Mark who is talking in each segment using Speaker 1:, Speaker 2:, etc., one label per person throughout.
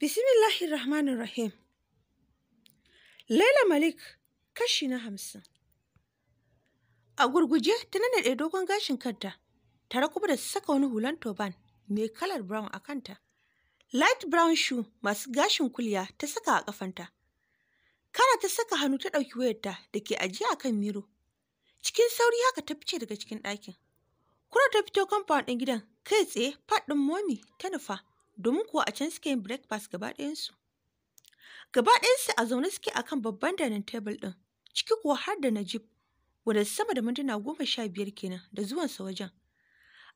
Speaker 1: Bismillahir Rahmanir Rahim. Laila Malik, kashi na hamsin. A gurguje ta nanaɗe dogon gashin kanta, tare kuma da saka wani hulan toban mai kalar brown a kanta. Light brown shoe masu gashin kulya ta saka a kafanta. Kara ta saka hannu ta ɗauki wayarta da ke ajiye a kan miro. Cikin sauri haka ta fice daga cikin ɗakin. Kura ta fito kamfan ɗin gidan kai tsaye faɗin momi ta nufa. domin kuwa a can suke yin breakfast gaba ɗayansu. Gaba ɗayansu a zaune suke a kan babban dining table ɗin, ciki kuwa har da Najib, wanda sama da mintuna goma sha biyar kenan da zuwansa wajen.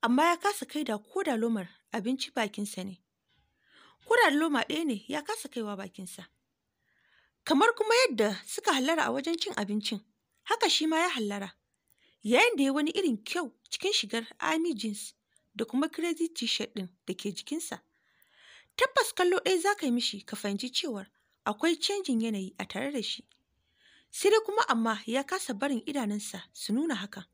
Speaker 1: Amma ya kasa kai da ko da lomar abinci bakinsa ne. Ko da loma ɗaya ne ya kasa kaiwa bakinsa. Kamar kuma yadda suka hallara a wajen cin abincin, haka shi ma ya hallara. Yayin da ya wani irin kyau cikin shigar army jeans da kuma crazy t-shirt ɗin da ke jikinsa. tabbas kallo ɗaya za ka yi mishi ka fahimci cewar akwai canjin yanayi a tare da shi sai dai kuma amma ya kasa barin idanunsa su nuna hakan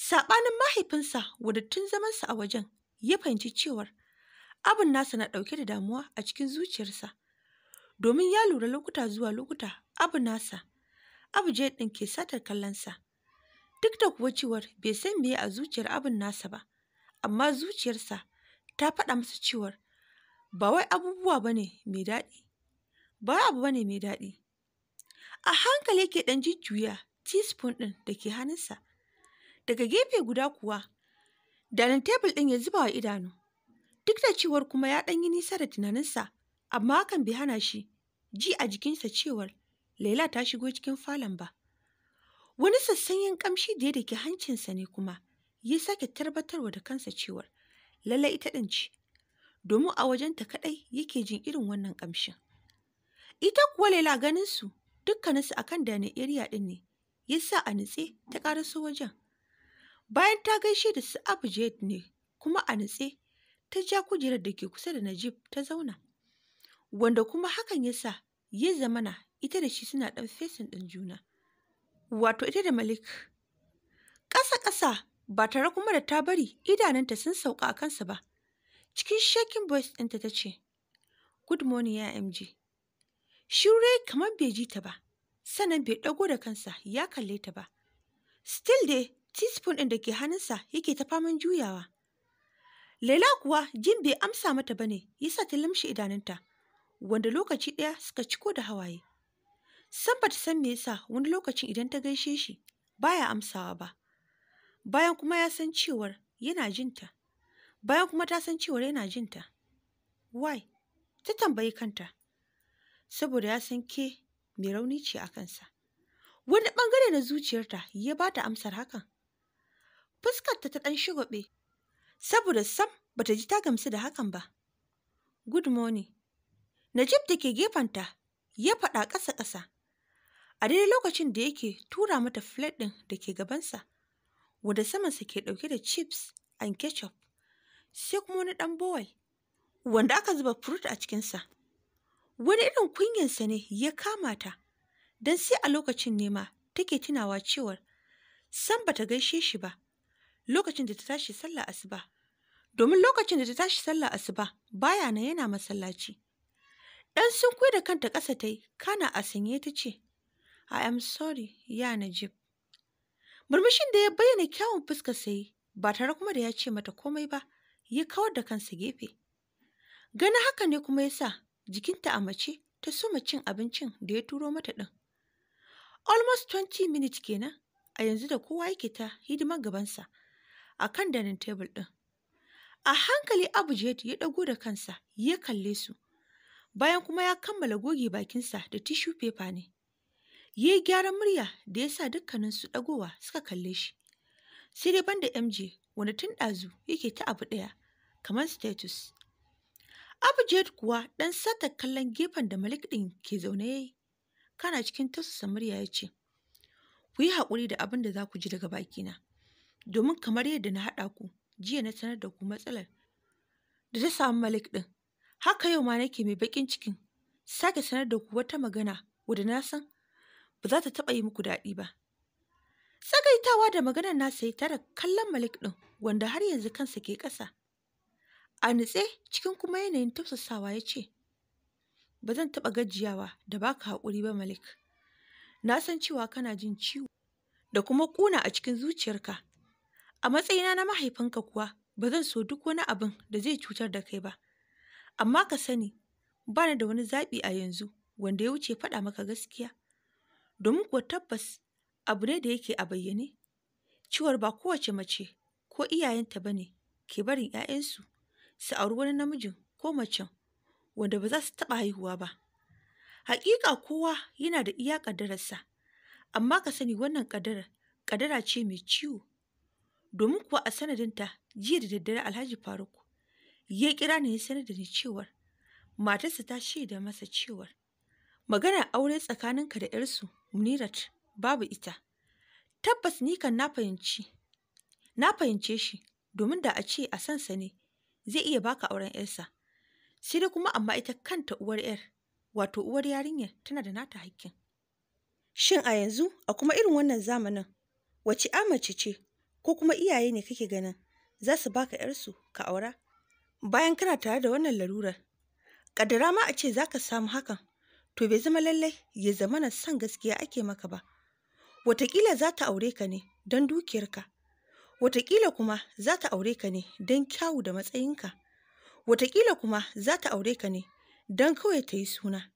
Speaker 1: saɓanin mahaifinsa wadattun zamansa a wajen ya fahimci cewar abin nasa na ɗauke da damuwa a cikin zuciyarsa domin ya lura lokuta zuwa lokuta abu nasa abu je ɗin ke satar kallonsa duk da kuwa cewar bai san meye a zuciyar abin nasa ba amma zuciyarsa ta faɗa masa cewar ba wai abubuwa bane mai daɗi ba abu bane mai daɗi a hankali yake ɗan jujjuya teaspoon ɗin da ke hannunsa daga gefe guda kuwa danin tebul ɗin ya zuba wa idanu duk da cewar kuma ya ɗan yi nisa da tunaninsa amma hakan bai hana shi ji a jikinsa cewar laila ta shigo cikin falon ba wani sassanyin kamshi da ya ke hancinsa ne kuma ya sake tarbatarwa da kansa cewar lallai ita ɗin ce domin a wajenta kaɗai yake jin irin wannan ƙamshin. Ita kuwa Laila ganin su dukkaninsu a kan dane iriya ɗin ne, ya sa a nutse ta ƙaraso wajen. Bayan ta gaishe da su Abu ne kuma a nutse ta ja kujerar da ke kusa da Najib ta zauna, wanda kuma hakan ya sa ya zamana ita da shi suna ɗan fesin ɗin juna. Wato ita da Malik. Ƙasa-ƙasa ba tare kuma da ta bari idanunta sun sauka a kansa ba. Cikin shakin voice ɗinta ta ce, Good morning ya MG. Shure kamar bai ji ta ba, sannan bai ɗago da kansa ya kalle ta ba. Still dai, teaspoon ɗin da ke hannunsa yake ta faman juyawa. Laila kuwa jin bai amsa mata ba ne, ya sa ta lamshi idanunta, wanda lokaci ɗaya suka ciko da hawaye. San ba ta san me yasa wani lokacin idan ta gaishe shi, baya amsawa ba. Bayan kuma ya san cewar yana jinta. bayan kuma ta san cewa yana jin ta Why? Ta tambayi kanta. Saboda ya san ke mai rauni ce a kansa. Wani bangare na zuciyarta ya ba ta amsar hakan. Fuskarta ta ɗan shigoɓe. saboda sam bata ji ta gamsu da hakan ba. Good morning. Najib da ke gefenta ya faɗa ƙasa-ƙasa. A daidai lokacin da yake tura mata flat ɗin da ke gabansa, wanda samansa ke ɗauke da chips and ketchup. sai kuma wani ɗan bowal wanda aka zuba furut a cikinsa wani irin kunyansa ne ya kama ta don sai a lokacin nema take tunawa cewar san bata gaishe shi ba lokacin da ta tashi sallah asuba domin lokacin da ta tashi sallah asuba baya na yana masallaci dan sun da kanta ƙasa ta yi kana a sanye ta ce i am sorry ya najib murmushin da ya bayyana kyawun fuska sai ba tare kuma da ya ce mata komai ba ya kawar da kansa gefe. Gana haka ne kuma ya sa jikinta a mace ta soma cin abincin da ya turo mata ɗin. Almost 20 minutes kenan a yanzu da kowa yake ta hidimar gabansa a kan dining table ɗin. A hankali Abu ya ɗago da kansa ya kalle su. Bayan kuma ya kammala goge bakinsa da tishu paper ne. Ya yi gyaran murya da ya sa dukkaninsu ɗagowa suka kalle shi. Sai dai banda MJ wani tun ɗazu yake ta abu ɗaya kamar status. Abujad kuwa ɗan sata kallon gefen da Malik ɗin ke zaune ya yi. Kana cikin tasu samar ya ce, Ku yi haƙuri da abin da za ku ji daga bakina, domin kamar yadda na haɗa ku, jiya na sanar da ku matsalar da ta samu Malik ɗin. Haka yau ma nake mai baƙin cikin sake sanar da ku wata magana wadda na san ba za ta taɓa yi muku daɗi ba. Tsagaitawa da maganar na ya tara kallon Malik ɗin wanda har yanzu kansa ke ƙasa. A nutse cikin kuma yanayin tafsasawa ya ce, Ba zan taɓa gajiyawa da ba ka haƙuri ba Malik. Na san cewa kana jin ciwo da kuma ƙuna a cikin zuciyarka. A matsayina na mahaifinka kuwa ba zan so duk wani abin da zai cutar da kai ba. Amma ka sani, ba ni da wani zaɓi a yanzu wanda ya wuce faɗa maka gaskiya. Domin kuwa tabbas abu ne da yake a bayyane. Ciwar ba kowace mace ko iyayenta ba ne ke barin 'ya'yansu su auri wani namijin ko macen wanda ba za su taɓa haihuwa ba. Hakika kowa yana da iya ƙaddararsa, amma ka sani wannan ƙaddarar ƙaddara ce mai ciwo. Domin kuwa a sanadinta jiya da daddare Alhaji Faruk ya kira ni ya sanar da ni cewar matarsa ta shaida masa cewar magana aure tsakaninka da 'yarsu Munirat babu ita. Tabbas ni kan na fahimci Na fahimce shi, domin da a ce a sansa ne, zai iya baka auren ‘yarsa. Sai dai kuma amma ita kanta uwar ‘yar, wato uwar yarinyar tana da nata hakkin. Shin a yanzu a kuma irin wannan zamanin, wace amace ce ko kuma iyaye ne kake ganin za su baka ‘yarsu ka aura? Bayan kana tare da wannan larurar, kadara ma a ce za ka samu hakan, to bai zama lallai ya zama na son gaskiya ake maka ba. Wataƙila za ta aure ka ne don dukiyarka, Wataƙila kuma za ta aure ka ne don kyawu da matsayinka. Wataƙila kuma za ta aure ka ne don kawai ta yi suna.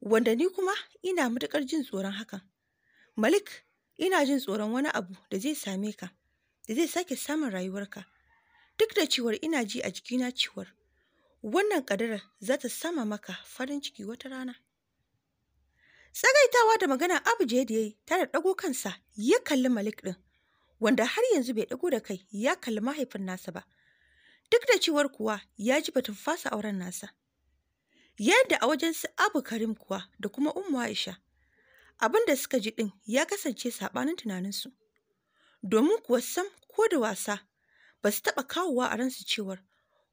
Speaker 1: Wanda ni kuma ina matuƙar jin tsoron hakan. Malik, ina jin tsoron wani abu da zai same ka, da zai sake samun rayuwarka. Duk da cewar ina ji a jikina cewar wannan ƙadarar za ta sama maka farin ciki wata rana. Tsagaitawa da magana Abu da ya yi tare ɗago kansa ya kalli Malik ɗin. wanda har yanzu bai ɗago da kai ya kalli mahaifin nasa ba duk da cewar kuwa ya ji batun fasa auren nasa yadda a wajen su abu karim kuwa da kuma ummu aisha abin da suka ji ɗin ya kasance saɓanin tunaninsu domin kuwa sam ko da wasa ba su taɓa kawowa a ransu cewar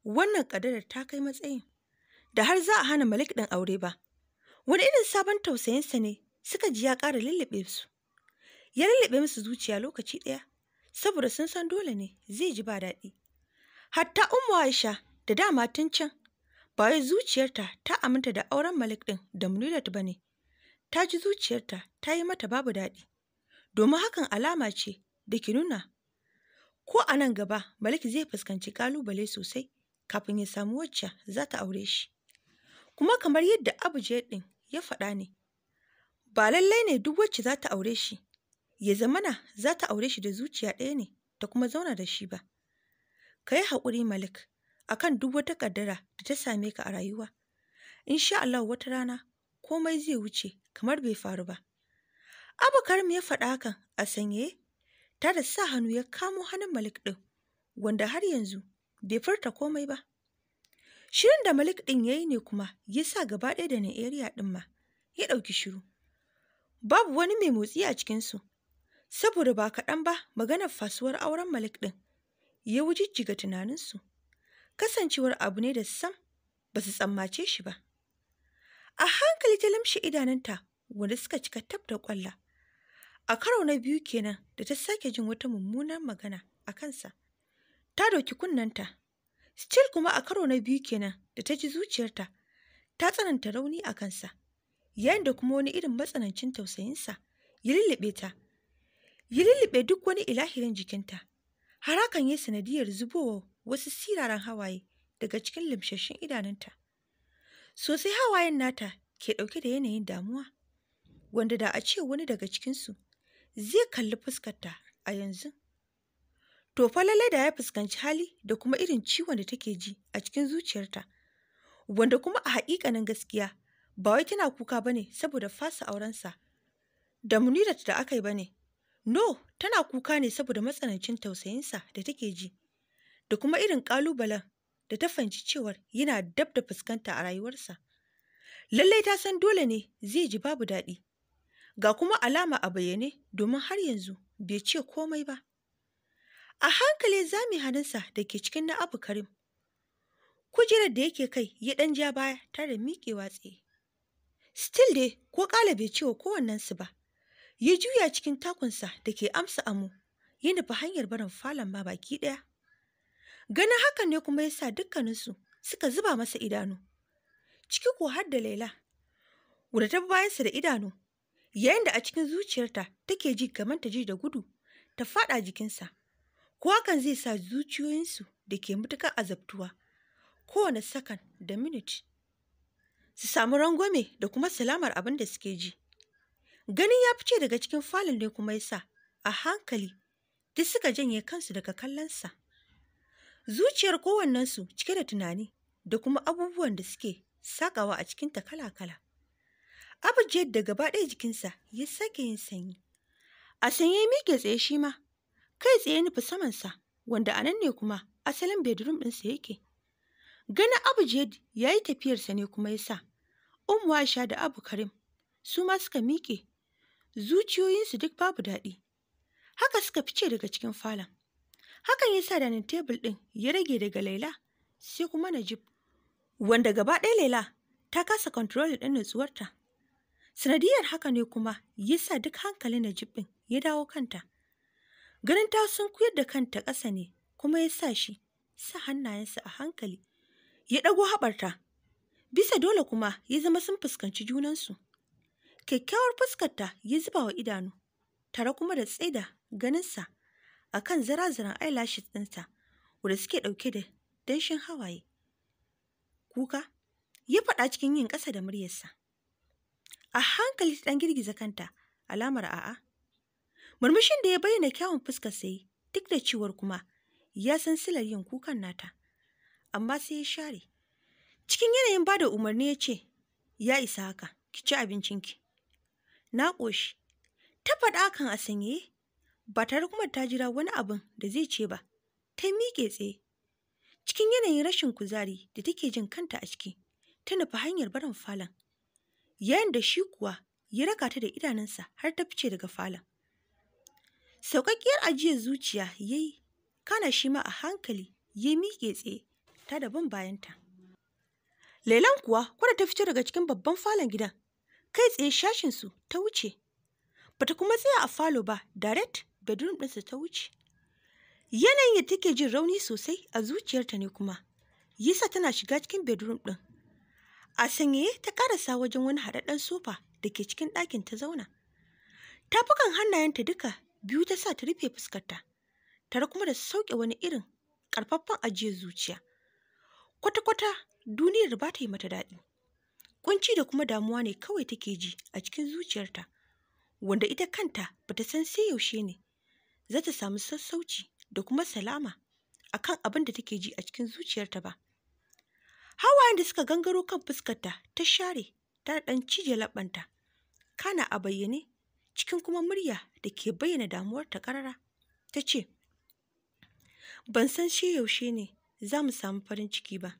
Speaker 1: wannan ƙadarar ta kai matsayin da har za a hana malik ɗin aure ba wani irin sabon tausayinsa ne suka ji ya ƙara lullube su ya lullube musu zuciya lokaci ɗaya saboda sun san dole ne zai ji ba daɗi hatta ummu aisha da dama tun can ba zuciyarta ta aminta da auren malik ɗin da Munilat ba ne ta ji zuciyarta ta yi mata babu daɗi domin hakan alama ce da ke nuna ko a nan gaba malik zai fuskanci ƙalubale sosai kafin ya samu wacce za ta aure shi kuma kamar yadda abu ɗin ya faɗa ne ba lallai ne duk wacce za ta aure shi ya zamana za ta aure shi da zuciya ɗaya ne ta kuma zauna da shi ba. Ka yi haƙuri Malik akan duk wata ƙaddara da ta same ka a rayuwa. In sha Allah wata rana komai zai wuce kamar bai faru ba. mu ya faɗa hakan a sanye ta da sa hannu ya kamo hannun Malik ɗin wanda har yanzu bai furta komai ba. Shirin da Malik ɗin ya yi ne kuma ya sa gaba ɗaya da na ɗin ma ya ɗauki shiru. Babu wani mai motsi a cikinsu saboda ba kaɗan ba maganar fasuwar auren malik ɗin ya wujijjiga tunaninsu kasancewar abu ne da sam ba su tsammace shi ba a hankali ta lamshe idanunta wanda suka cika tab da ƙwalla a karo na biyu kenan da ta sake jin wata mummunar magana a kansa ta doki kunnanta still kuma a karo na biyu kenan da ta ji zuciyarta ta tsananta rauni a kansa yayin da kuma wani irin matsanancin tausayinsa ya lullube ta ya lullube duk wani ilahirin jikinta har hakan ya sanadiyar zubowa wasu siraran hawaye daga cikin limshashin idanunta sosai hawayen nata ke ɗauke da yanayin damuwa wanda da a ce wani daga cikinsu zai kalli fuskarta a yanzu to fa da ya fuskanci hali da kuma irin ciwon da take ji a cikin zuciyarta wanda kuma a haƙiƙanin gaskiya ba wai tana kuka bane saboda fasa aurensa da munirata da aka yi bane No, tana kuka ne saboda matsanancin tausayinsa da take ji, da kuma irin ƙalubalen da ta fahimci cewar yana dab da fuskanta a rayuwarsa. Lallai ta san dole ne zai ji babu daɗi, ga kuma alama a bayyane domin har yanzu bai ce komai ba. A hankali zami hannunsa da ke cikin na Abu Karim. Kujerar da yake kai ya ɗan ja baya tare da miƙewa tsaye. Still dai ko ƙala bai ce wa kowannensu ba. ya juya cikin takunsa da ke amsa amu ya nufi hanyar barin falon ma baki ɗaya ganin hakan ne kuma ya sa dukkaninsu suka zuba masa idanu ciki ko har da laila wadda ta bayansa da idanu yayin da a cikin zuciyarta take ji kamar ta ji da gudu ta faɗa jikinsa ko hakan zai sa zuciyoyinsu da ke mutukar azabtuwa kowane sakan da minit su samu rangwame da kuma salamar abin da suke ji ganin ya fice daga cikin falon ne kuma yasa a hankali duk suka janye kansu daga kallonsa. Zuciyar kowannensu cike da tunani da kuma abubuwan da suke sakawa a cikinta kala-kala. Abujiyar da gaba ɗaya jikinsa ya sake yin sanyi. A sanye mike tsaye shi ma, kai tsaye nufi samansa wanda a nan ne kuma asalin bedroom ɗinsa yake. Ganin Abujiyar ya yi tafiyarsa ne kuma ya sa sha Aisha da Abu Karim su ma suka miƙe zuciyoyinsu duk babu daɗi haka suka fice daga cikin falon hakan ya sa danin tebul ɗin ya rage daga laila sai kuma najib wanda gaba ɗaya laila ta kasa control ɗin nutsuwarta sanadiyar haka ne kuma ya sa duk hankalin najib ɗin ya dawo kanta ganin ta sun kuyar da kanta ƙasa ne kuma ya sa shi sa hannayensa a hankali ya ɗago haɓarta bisa dole kuma ya zama sun fuskanci junansu kyakkyawar fuskarta ya zuba wa idanu tare kuma da tsaida ganinsa a kan zirazirin ailashi ɗinsa wanda suke ɗauke da danshin hawaye kuka ya faɗa cikin yin ƙasa da muryarsa a hankali ta ɗan girgiza kanta alamar a'a murmushin da ya bayyana kyawun fuskar sai duk da ciwar kuma ya san silar yin kukan nata amma sai ya share cikin yanayin bada umarni ya ce ya isa haka ki ci abincinki na ƙoshi, ta faɗa kan a sanyaye, ba tare kuma ta jira wani abin da zai ce ba, ta miƙe tsaye. Cikin yanayin rashin kuzari da take jin kanta a ciki, ta nufi hanyar barin falon. Yayin da shi kuwa ya raka ta da idanunsa har ta fice daga falon. Sauƙaƙƙiyar ajiyar zuciya ya yi, kana shi ma a hankali ya miƙe tsaye ta daban bayanta. Lailan kuwa kwada ta fito daga cikin babban falon gidan kai tsaye su ta wuce bata kuma tsaya a falo ba direct bedroom ɗinsa ta wuce yanayin da take jin rauni sosai a zuciyarta ne kuma Yasa tana shiga cikin bedroom ɗin a sanyaye ta karasa wajen wani haɗaɗɗen sofa da ke cikin ɗakin ta zauna tafukan hannayenta duka biyu ta sa ta rufe fuskarta tare kuma da sauke wani irin ƙarfaffen ajiyar zuciya kwata-kwata duniyar ba ta yi mata daɗi kunci da kuma damuwa ne kawai take ji a cikin zuciyarta wanda ita kanta bata san sai yaushe ne za ta samu sassauci da kuma salama akan abin da take ji a cikin zuciyarta ba hawayen da suka gangaro kan fuskarta ta share ta dan cije labanta kana a bayyane cikin kuma murya da ke bayyana damuwarta karara ta ce ban san sai yaushe ne za mu samu farin ciki ba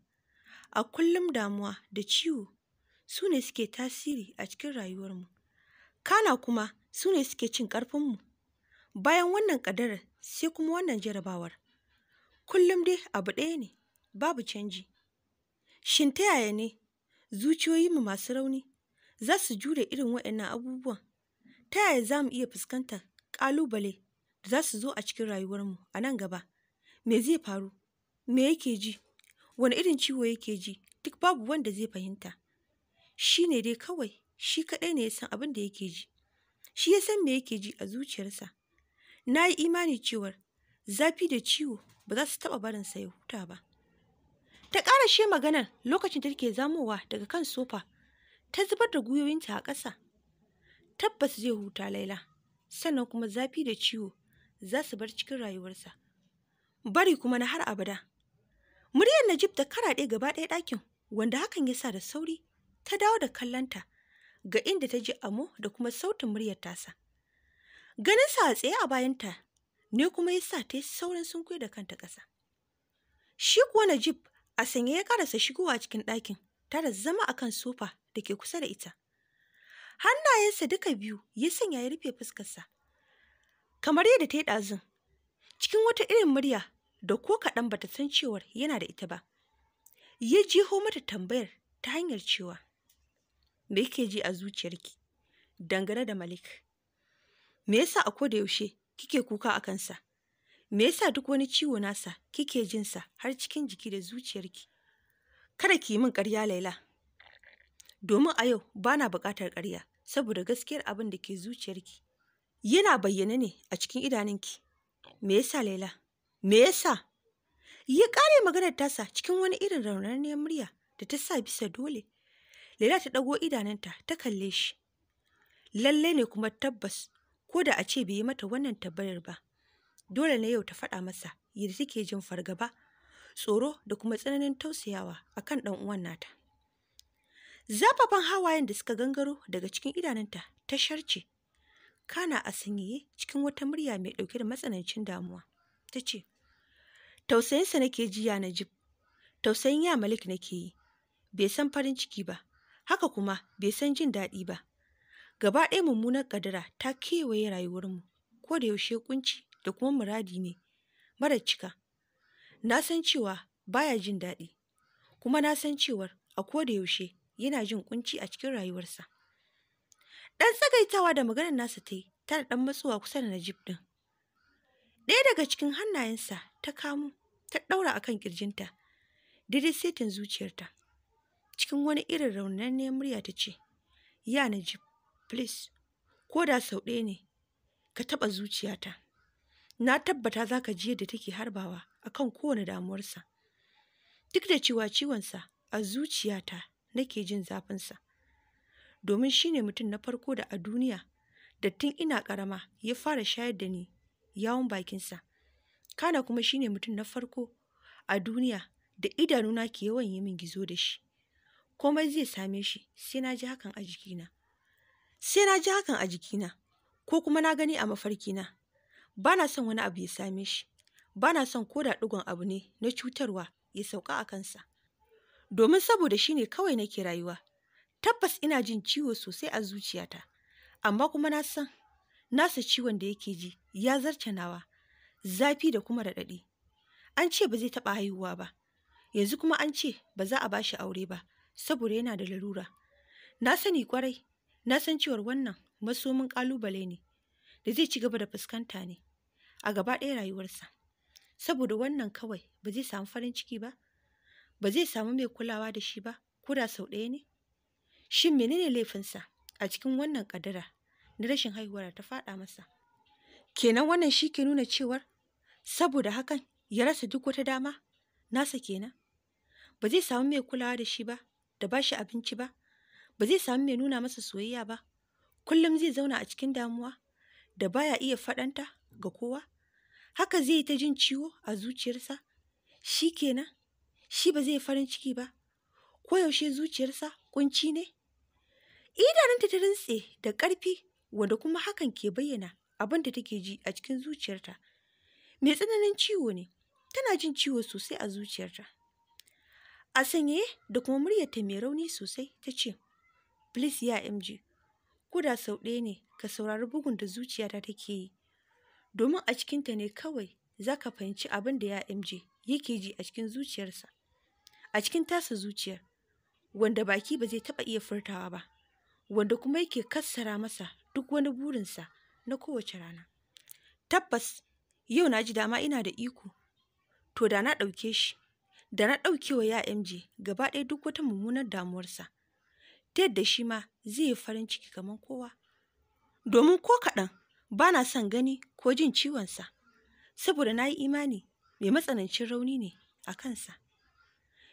Speaker 1: a kullum damuwa da ciwo su ne suke tasiri a cikin rayuwarmu kana kuma su ne suke cin ƙarfinmu bayan wannan ƙadarar sai kuma wannan jarabawar kullum dai abu ɗaya ne babu canji shin ta yaya ne zuciyoyinmu masu rauni za su jure irin waɗannan abubuwan ta yaya za mu iya fuskantar ƙalubale da za su zo a cikin rayuwarmu a nan gaba me zai faru me yake ji wani irin ciwo yake ji duk babu wanda zai fahimta shi ne dai kawai shi kaɗai ne ya san abin da yake ji shi ya san me yake ji a zuciyarsa na yi imani cewar zafi da ciwo ba za su taɓa barinsa ya huta ba ta ƙara she maganar lokacin da take zamowa daga kan sofa ta zubar da gwiwoyinta a ƙasa tabbas zai huta laila sannan kuma zafi da ciwo za su bar cikin rayuwarsa bari kuma na har abada muryar najib ta karaɗe gaba ɗaya ɗakin wanda hakan ya sa da sauri ta dawo da kallonta ga inda ta ji amo da kuma sautin muryar tasa. Ganin sa a tsaye a bayanta ne kuma ya sa ta yi saurin sunkuya da kanta ƙasa. Shi kuwa Najib a sanye ya karasa shigowa cikin ɗakin tare zama a kan sofa da ke kusa da ita. Hannayensa duka biyu ya sanya ya rufe fuskarsa. Kamar yadda ta yi ɗazun, cikin wata irin murya da ko kaɗan bata san cewar yana da ita ba. Ya jiho mata tambayar ta hanyar cewa, me kike ji a zuciyarki dangane da Malik? Me yasa a koda yaushe kike kuka a kansa? Me yasa duk wani ciwo nasa kike jin sa har cikin jiki da zuciyarki? Kada ki yi min ƙarya Laila. Domin a yau bana buƙatar ƙarya saboda gaskiyar abin da ke zuciyarki yana bayyana ne a cikin idanunki. Me yasa Laila? Me yasa? Ya ƙare maganar tasa cikin wani irin raunaniyar murya da ta sa bisa dole Laila ta ɗago idanunta ta kalle shi. Lallai ne kuma tabbas ko da a ce bai yi mata wannan tabbayar ba. Dole ne yau ta faɗa masa yadda take jin fargaba, tsoro da kuma tsananin tausayawa a kan ɗan uwan nata. Zafafan hawayen da suka gangaro daga cikin idanunta ta sharce. Kana a sanyaye cikin wata murya mai ɗauke da matsanancin damuwa. Ta ce, Tausayinsa nake jiya ya jib, tausayin ya Malik nake yi, bai san farin ciki ba, haka kuma bai san jin daɗi ba gaba ɗaya mummunar ƙadara ta kewaye rayuwarmu ko da yaushe kunci da kuma muradi ne mara cika na san cewa baya jin daɗi kuma na san cewar a ko da yaushe yana jin kunci a cikin rayuwarsa ɗan tsagaitawa da maganar nasa ta yi tana ɗan matsuwa kusa da najib ɗin ɗaya daga cikin hannayensa ta kamu ta ɗaura akan ƙirjinta daidai setin zuciyarta cikin wani irin raunanniyar murya ta ce ya najib please ko da sau ɗaya ne ka taɓa zuciyata na tabbata za ka ji yadda take harbawa a kan kowane damuwarsa duk da cewa ciwonsa a zuciyata nake jin zafinsa domin shine mutum na farko da a duniya da tun ina ƙarama ya fara shayar da ni yawon bakinsa kana kuma shine mutum na farko a duniya da idanuna ke yawan yi min gizo da shi komai zai same shi sai na ji hakan a jikina sai na ji hakan a jikina ko kuma na gani a mafarkina ba na son wani abu ya same shi ba na son ko da ɗigon abu ne na cutarwa ya sauka a kansa domin saboda shi ne kawai nake rayuwa tabbas ina jin ciwo sosai a zuciyata amma kuma na san nasa ciwon da yake ji ya zarce nawa zafi da kuma raɗaɗi an ce ba zai taɓa haihuwa ba yanzu kuma an ce ba za a bashi aure ba saboda yana da larura na sani kwarai na san cewar wannan masomin kalubale ne da zai ci gaba da fuskanta ne a gaba ɗaya rayuwarsa saboda wannan kawai ba zai samu farin ciki ba ba zai samu mai kulawa da shi ba ko da sau ɗaya ne shin menene laifinsa a cikin wannan kadara na rashin haihuwa da ta faɗa masa kenan wannan shi ke nuna cewar saboda hakan ya rasa duk wata dama nasa kenan ba zai samu mai kulawa da shi ba da ba shi abinci ba ba zai sami mai nuna masa soyayya ba kullum zai zauna a cikin damuwa da baya iya faɗanta ga kowa haka zai yi ta jin ciwo a zuciyarsa shi kenan shi ba zai farin ciki ba koyaushe zuciyarsa kunci ne idanunta ta rintse da ƙarfi wanda kuma hakan ke bayyana abin da take ji a cikin zuciyarta mai tsananin ciwo ne tana jin ciwo sosai a zuciyarta a sanye da kuma muryarta mai rauni sosai ta ce please ya mg ko da sau ɗaya ne ka saurari bugun da zuciyata take yi domin a cikinta ne kawai za ka fahimci abin da ya mg yake ji a cikin zuciyarsa a cikin tasa zuciyar wanda baki ba zai taɓa iya furtawa ba wanda kuma yake kassara masa duk wani burinsa na kowace rana tabbas yau na ji dama ina da iko to da na ɗauke shi da na ɗaukewa ya MJ gaba ɗaya duk wata mummunar damuwarsa, ta yadda shi ma zai yi farin ciki kamar kowa. Domin ko kaɗan ba na son gani ko jin ciwonsa, saboda na yi imani mai matsanancin rauni ne a kansa.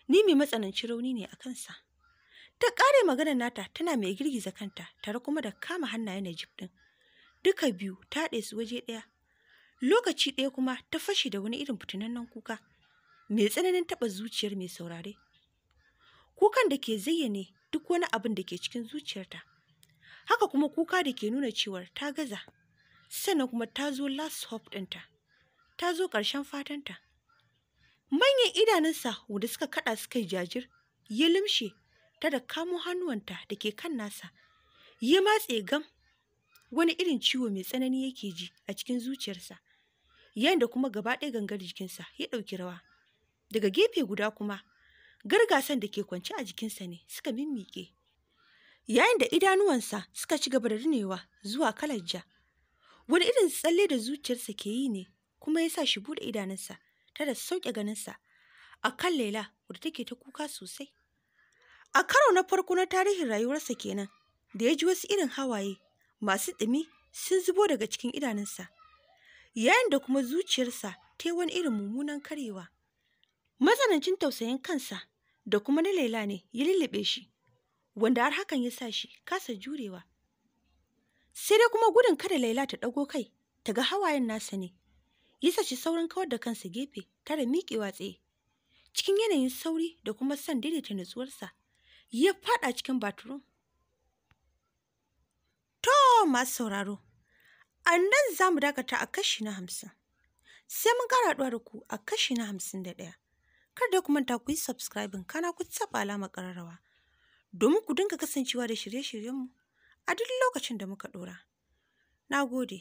Speaker 1: Ni mai matsanancin rauni ne a kansa. Ta ƙare maganar nata tana mai girgiza kanta tare kuma da kama hannayen Najib ɗin. Duka biyu ta haɗe su waje ɗaya. Lokaci ɗaya kuma ta fashe da wani irin fitinannen kuka. mai tsananin taɓa zuciyar mai saurare kukan da ke zayyane duk wani abin da ke cikin zuciyarta haka kuma kuka da ke nuna cewar ta gaza sannan kuma ta zo last hope ɗinta ta zo ƙarshen fatanta manyan idanunsa wanda suka kaɗa suka yi jajir ya limshe ta da kamo hannuwanta da ke kan nasa ya matse gam wani irin ciwo mai tsanani yake ji a cikin zuciyarsa yayin da kuma gaba ɗaya gangar jikinsa ya ɗauki rawa daga gefe guda kuma gargasan da ke kwance a jikinsa ne suka mimmiƙe yayin da idanuwansa suka ci gaba da rinewa zuwa kalar ja wani irin tsalle da zuciyarsa ke yi ne kuma ya sa shi buɗe idanunsa ta da sauke ganinsa a kan lela wadda take ta kuka sosai a karo na farko na tarihin rayuwarsa kenan da ya ji wasu irin hawaye masu ɗumi sun zubo daga cikin idanunsa yayin da kuma zuciyarsa ta yi wani irin mummunan karewa matsanancin tausayin kansa da kuma na laila ne ya lullube shi wanda har hakan ya sa shi kasa jurewa sai dai kuma gudun kada laila ta ɗago kai ta ga hawayen nasa ne ya sa shi saurin kawar da kansa gefe tare miƙewa tsaye cikin yanayin sauri da kuma son daidaita natsuwarsa ya faɗa cikin baturum to masu sauraro a nan za mu dakata a kashi na hamsin sai mun ƙara da ku a kashi na hamsin da ɗaya Kar da ku manta ku yi subscribing kana ku taɓa alamar ƙararrawa domin ku dinga kasancewa da shirye-shiryenmu a duk lokacin da muka ɗora. Na gode.